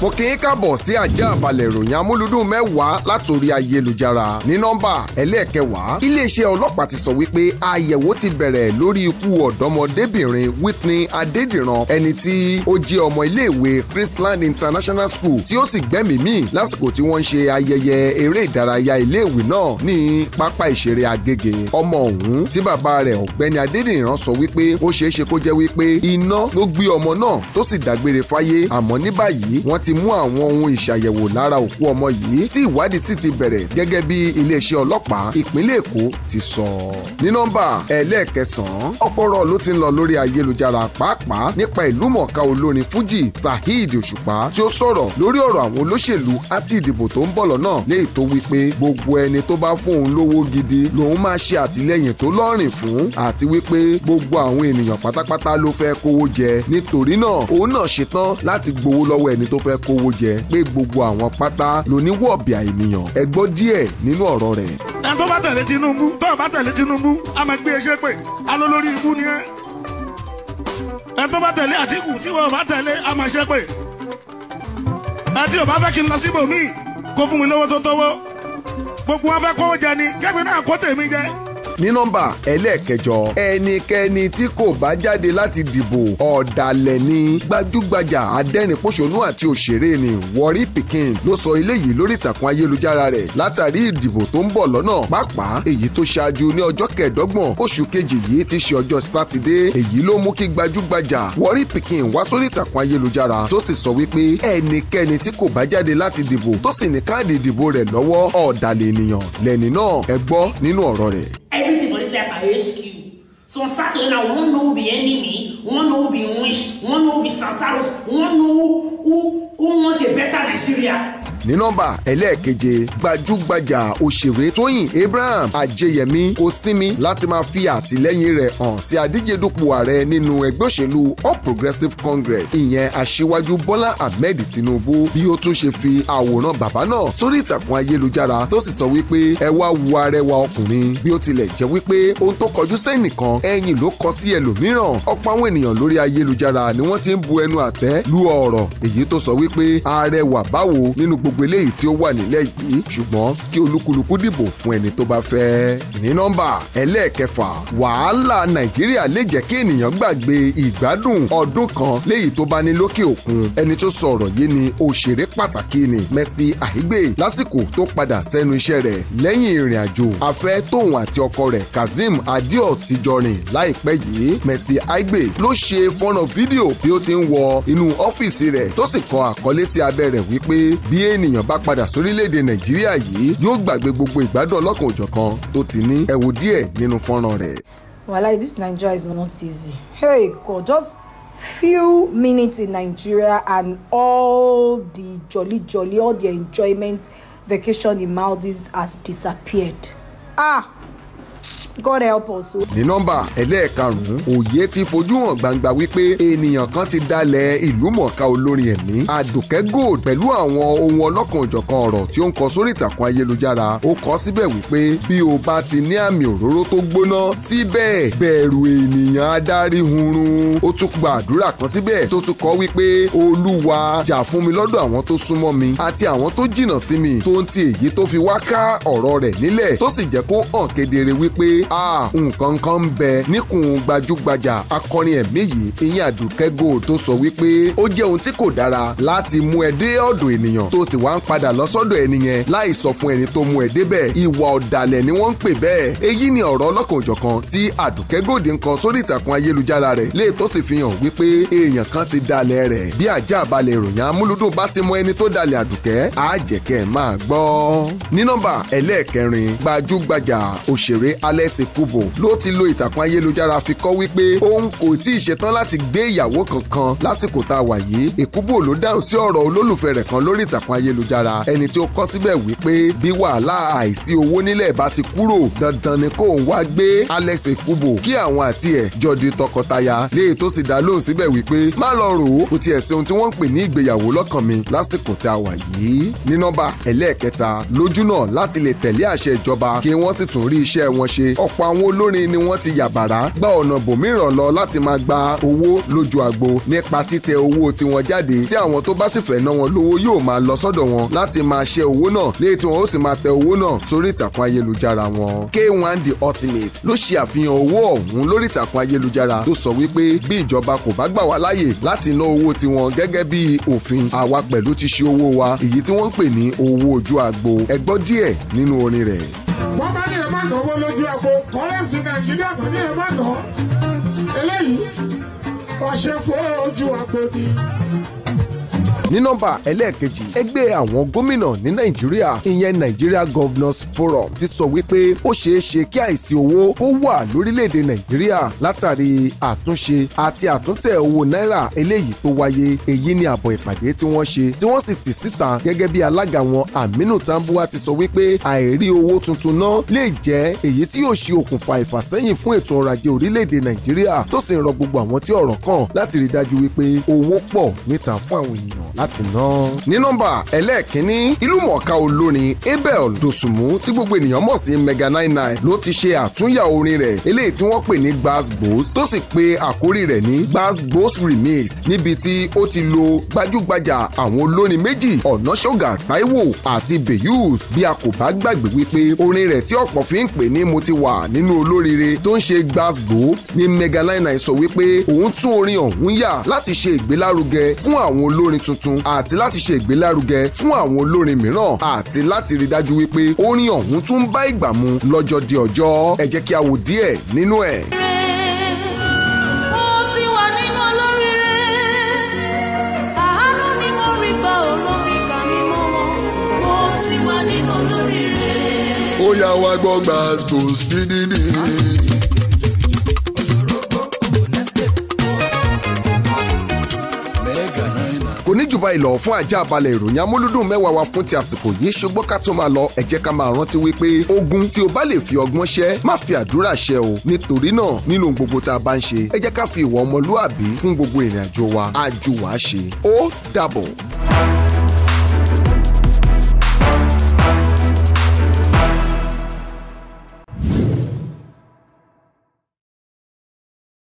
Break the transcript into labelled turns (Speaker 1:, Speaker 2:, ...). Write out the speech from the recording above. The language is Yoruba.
Speaker 1: mo kì í káàbọ̀ sí ajá àbálẹ̀ ìròyìn amúlùdùn mẹ́wàá látòrí ayélujára ní nọ́mbà ẹlẹ́ẹ̀kẹwàá iléeṣẹ́ ọlọ́pàá ti sọ wípé àyẹ̀wò ti bẹ̀rẹ̀ lórí ikú ọ̀dọ́mọdébìnrin Whitney Adédìran ẹni tí ó jẹ́ ọmọ iléèwé Christland International School tí ó sì gbẹ́mìí mì lásìkò tí wọ́n ń ṣe ayẹyẹ eré ìdárayá iléèwé náà ní pápá ìṣeré Agége ọmọ ọ̀hún tí bàbá rẹ̀ ọ̀gbẹ́ni Adédìran sọ wípé ó ṣeéṣe kó jẹ́ wípé iná ló gbé ọmọ náà tó sì dágbére fáyé àmọ́ ní báyìí wọ́n ti láti mú àwọn ohun ìṣàyẹ̀wò lára òkú ọmọ yìí tí ìwádìí sì ti bẹ̀rẹ̀ gẹ́gẹ́ bí iléeṣẹ́ ọlọ́pàá ìpínlẹ̀ Èkó ti sọ. ní nọ́mbà ẹlẹ́ẹ̀kẹsàn-án ọ̀pọ̀rọ̀ ló ti ń lọ lórí ayélujára pàápàá nípa ìlúmọ̀ọ́ká olórin Fújì Saheed Òṣùpá tí ó sọ̀rọ̀ lórí ọ̀rọ̀ àwọn olóṣèlú àti ìdìbò tó ń bọ̀ lọ́nà léyìí tó wí pé gbogbo ẹni tó bá fún òun lówó gidi lòun máa ṣe àtìlẹ́yìn tó lọ́rìn fún àti wípé gbogbo àwọn ènìyàn pátápátá ló fẹ́ kówó jẹ nítorí náà òun náà ṣetán láti gbowó lọ́wọ́ ẹni tó kówó jẹ pé gbogbo àwọn pátá lóníwọ̀bì àìníyàn ẹ gbọ́ díẹ̀ nínú ọ̀rọ̀ rẹ̀. ẹ tó bá tẹ̀lé Tinubu tó bá tẹ̀lé Tinubu a máa gbé eṣẹ́ pé alólórí ikú ni ẹ ẹ tó bá tẹ̀lé Àtíkù tí wọn bá tẹ̀lé a máa ṣẹ́ pé ẹ tí ò bá fẹ́ kí n lọ síbòmíì kó fún mi lówó tó tówó gbogbo wọn fẹ́ kówó jẹ ni kẹ́mi náà kó tèmi jẹ ní nọ́mbà ẹlẹ́ẹ̀kẹjọ ẹnikẹ́ni tí kò bá jáde láti dìbò ọ̀dàlẹ̀ ni gbajúgbajà adẹ́rìn-pọ̀ṣọ́nù àti òṣèré ni Warri Pikin ló sọ eléyìí lórí ìtàkùn ayélujára rẹ̀ látàrí ìdìbò tó ń bọ̀ lọ́nà pàápàá èyí tó ṣáájú ní ọjọ́ kẹẹ̀dọ́gbọ̀n oṣù kejì yìí ti ṣe ọjọ́ sátidé èyí ló mú kí gbajúgbajà Warri Pikin wá sórí ìtàkùn ayélujára tó sì sọ wípé ẹnikẹ́ni tí kò bá jáde láti dìbò tó sì ní káàdì ìdìbò rẹ̀ lọ́wọ́ ọ̀dàlẹ̀ ènìyàn lẹ́ni náà ẹ gbọ́ nínú ọ̀rọ̀ rẹ̀. HQ. So on Saturday now, one know who be enemy, one know who be wish, one know who be Santaros, one know who, who wants a better Nigeria ní nọ́mbà ẹlẹ́ẹ̀keje gbajúgbajà òṣèré tóyìn abraham Ajayemi kò sinmi láti máa fi àtìlẹ́yìn rẹ̀ hàn sí adíje dupò ààrẹ nínú ẹgbẹ́ òṣèlú all progressives congress ìyẹn aṣíwájú bọ́lá ahmed tinubu bí ó tún ṣe fi àwòrán bàbá náà sórí ìtàkùn ayélujára tó sì sọ wípé ẹ wá wo arẹwà ọkùnrin bí ó tilẹ̀ jẹ́ wípé ohun tó kọjú sẹ́nìkan ẹ̀yìn ló kọ sí ẹlòmíràn ọ̀pọ̀ àwọn ènìyàn lórí ayélujára ni wọ́n ti ń bu ẹnu àtẹ́ lu ọ̀rọ̀ èyí gbogbo eléyìí tí ó wà nílẹ̀ yìí ṣùgbọ́n kí olúkúlùkù dìbò fún ẹni tó bá fẹ́. ní nọ́mbà ẹlẹ́ẹ̀kẹfà wàhálà nàìjíríà lè jẹ́ kí ènìyàn gbàgbé ìgbádùn ọdún kan léyìí tó bá ní lókè òkun ẹni tó sọ̀rọ̀ yìí ni òṣèré pàtàkì ni Mercy Aigbe lásìkò tó padà sẹ́nu iṣẹ́ rẹ̀ lẹ́yìn ìrìn àjò afẹ́ tóun àti ọkọ rẹ̀ Kazeem Adio ti jọ rìn láìpẹ́ yìí Mercy Aigbe ló ṣe fọ́nrán fídíò bí ó ti ń wọ inú ọ́fíìsì rẹ̀ tó sì kọ àkọlé sí abẹ́ wípé bí ènìyàn bá padà sórílẹ̀-èdè nàìjíríà yìí yóò gbàgbé gbogbo ìgbádùn ọlọ́kan òjọ̀kan tó ti ní ẹ díẹ̀ nínú fọ́nrán rẹ̀. Wallahi, this Nigeria is not easy. Hey God, just few minutes in Nigeria and all the jolly jolly, all the enjoyment vacation in Maldives has disappeared. Ah! gọ́rẹ̀ ọ̀pọ̀ṣọ́. ní nọ́mbà ẹlẹ́ẹ̀karùn-ún òye ti fojú hàn gbangba wípé ènìyàn kan ti dalẹ̀ ìlú mọ̀ọ́ká olórin ẹ̀mí àdùkẹ́ gold pẹ̀lú àwọn ohun ọlọ́kan òjọ̀kan ọ̀rọ̀ tí ó ń kọ sórí ìtàkùn ayélujára ó kọ síbẹ̀ wípé bí o bá ti ní àmì òróró tó gbóná síbẹ̀ bẹ̀rù ènìyàn adarí hunrun ó tún gba àdúrà kan síbẹ̀ tó tún kọ wípé olúwa jà fún mi lọ́dọ̀ àwọn tó súnmọ́ mi àti àwọn tó jìnnà sí mi tó ń ti èyí tó fi wá ká ọ̀rọ̀ rẹ̀ nílẹ̀ tó sì jẹ́ kó hàn kedere wípé ah nǹkan kan ń bẹ níkùn gbajúgbajà akọrin ẹ̀mí yìí ìyẹn àdùkẹ́ gold tó sọ wípé ó jẹ́ ohun tí kò dára láti mú ẹ dé ọ̀dọ̀ ènìyàn tó sì wá ń padà lọ sọ́dọ̀ ẹni yẹn láì sọ fún ẹni tó mú ẹ débẹ̀ ìwà ọ̀dàlẹ̀ ni wọ́n ń pè bẹ́ẹ̀ èyí ni ọ̀rọ̀ ọlọ́kan-ò-jọ̀kan tí àdùkẹ́ gold ń kọ sórí ìtàkùn ayélujára rẹ̀ lè tó sì fi hàn wípé èèyàn kan ti dalẹ̀ rẹ̀ bí àjà balẹ̀ ìròyìn amúlùdùn bá ti mọ ẹni tó dalẹ̀ àdùkẹ́ á jẹ́ kẹ́ ẹ máa gbọ́. ní nọ́mbà ẹlẹ́ẹ̀kẹrin gbajúgbajà òṣèré Alex Sekubo ló ti lo ìtàkùn ayélujára fi kọ́ wípé òun kò tí ì ṣetán láti gbé ìyàwó kankan lásìkò tá a wà yìí Ekubo ló dáhùn sí ọ̀rọ̀ olólùfẹ́ rẹ̀ kan lórí ìtàkùn ayélujára ẹni tí ó kọ́ síbẹ̀ wípé bí wàhálà àìsí owó nílẹ̀ bá ti kúrò dandan ni kò ń wá gbé Alex Ekubo kí àwọn àti ẹ̀ jọ di tọkọtaya léè e tó sì dá lóhùn síbẹ̀ wípé má lọ rò ó kò tiẹ̀ sí ohun tí wọ́n ń pè ní ìgbéyàwó lọ́kàn mi lásìkò tá a wà yìí ní nọ́mbà ẹlẹ́ẹ̀kẹta lójúnà láti lè tẹ̀lé àṣẹ ìjọba kí wọ́n sì tún rí iṣẹ́ wọn ṣe ọ̀pọ̀ àwọn olórin ni wọ́n ti yàbàrá gba ọ̀nà bòmíràn lọ láti máa gba owó lójú agbo nípa títẹ owó tiwọn jáde tí àwọn tó bá sì fẹ́ ná wọn lówó yóò máa lọ sọ́dọ̀ wọn láti máa ṣe owó náà léyìí tí wọn ó sì máa tẹ owó náà sórí ìtàkùn ayélujára wọn. K1 The Ultimate ló ṣe àfihàn owó ọ̀hún lórí ìtàkùn ayélujára tó sọ wípé bí ìjọba kò bá gbà wá láàyè láti ná owó tiwọn gẹ́gẹ́ bí òfin àwa pẹ̀lú ti ṣe owó wa èyí tí wọ́n ń pè ní owó ojú agbo ẹ gbọ́ díẹ̀ nínú orin rẹ̀. wọ́n má nà owó lójú ẹ̀fọ́ kọ́rẹ́ǹsì nàìjíríà tó ní ẹ̀ má nà eléyìí ọ̀ṣẹ́fọ́ ojú àpò ni ní nọ́mbà ẹlẹ́ẹ̀kejì ẹgbẹ́ àwọn gómìnà ní nàìjíríà ìyẹn nigeria governors forum ti sọ wípé ó ṣeé ṣe kí àìsí owó kó wà lórílẹ̀‐èdè nàìjíríà látàrí àtúnṣe àti àtúntẹ̀ owó náírà eléyìí tó wáyé èyí ni àbọ̀ ìpàdé tí wọ́n ṣe tí wọ́n sì tì síta gẹ́gẹ́ bí alága wọn aminu tambuwa ti sọ wípé àìrí owó tuntun náà lè jẹ́ èyí tí yóò ṣe okùnfà ìfàsẹ́yìn fún ètò ọrọ̀ ajé orílẹ̀-èdè nàìjíríà tó sì ń rọ gbogbo àwọn tí ọ̀rọ̀ kàn láti rí dájú wípé owó pọ̀ níta fún àwọn ènìyàn láti ná. ní nọ́mbà ẹlẹ́ẹ̀kínní ìlúmọ̀ọ́ká olórin abel dosunmu tí gbogbo ènìyàn mọ̀ sí mega nine nine ló ti ṣe àtúnyà orin rẹ̀ eléyìí tí wọ́n pè ní gbazgbos tó sì pe àkórí rẹ̀ ní gbazgbos remix níbi tí ó ti lo gbajúgbajà àwọn olórin méjì ọ̀nàṣọ́gà taiwo àti beyus bí a kò bá gbàgbé wípé orin rẹ̀ tí ọ̀pọ̀ fi ń pè ní mo ti wà nínú olóríire tó ń ṣe gbazgbos ní mega nine nine sọ wípé òun tún orin ọ̀hún yà láti ṣe ìgbélárugẹ fún àwọn olórin tuntun tuntun àti láti ṣe ìgbélárugẹ fún àwọn olórin mìíràn àti láti rí dájú wípé orin ọ̀hún tún bá ìgbà mu lọ́jọ́ di ọjọ́ ẹ jẹ́ kí a wò díẹ̀ nínú ẹ̀. ó yà wá gbọ́ gbàgbó dídí. ní jù báyìí lọ fún ajá balẹ̀ ìròyìn amúlúdùn mẹ́wàá wa fún ti àsìkò yìí ṣùgbọ́n ká tó máa lọ ẹ ká máa rántí wípé ogun tí o bá lè fi ọgbọ́n ṣẹ́ má fi àdúrà ṣẹ́ o nítorí náà nínú gbogbo tá a bá ń ṣe ẹ ká fi ìwà ọmọlúàbí kún gbogbo ìrìn wa àjò wa ṣe ó dàbọ̀.